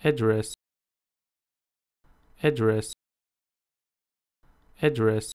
address address address